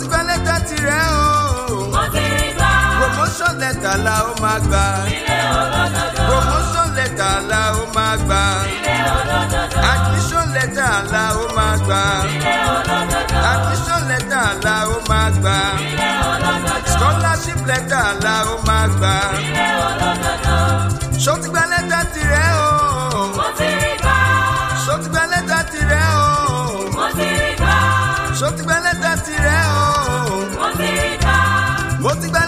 ti fẹ́ lẹ́tà tirẹ̀ o. mo ti rí gbà. promotion letter la ó máa gbà. ilé olódodo. promotion letter la ó máa gbà. ilé olódodo. admission letter la ó máa gbà. ilé olódodo. admission letter la ó máa gbà. ilé olódodo. scholarship letter la ó máa gbà. ilé olódodo. ṣó ti gba lẹ́tà tirẹ̀ o. mo ti rí gbà. ṣó ti gba lẹ́tà tirẹ̀ o. mo ti rí gbà. ṣó ti gba lẹ́tà tirẹ̀ o. ó ti gbẹ́.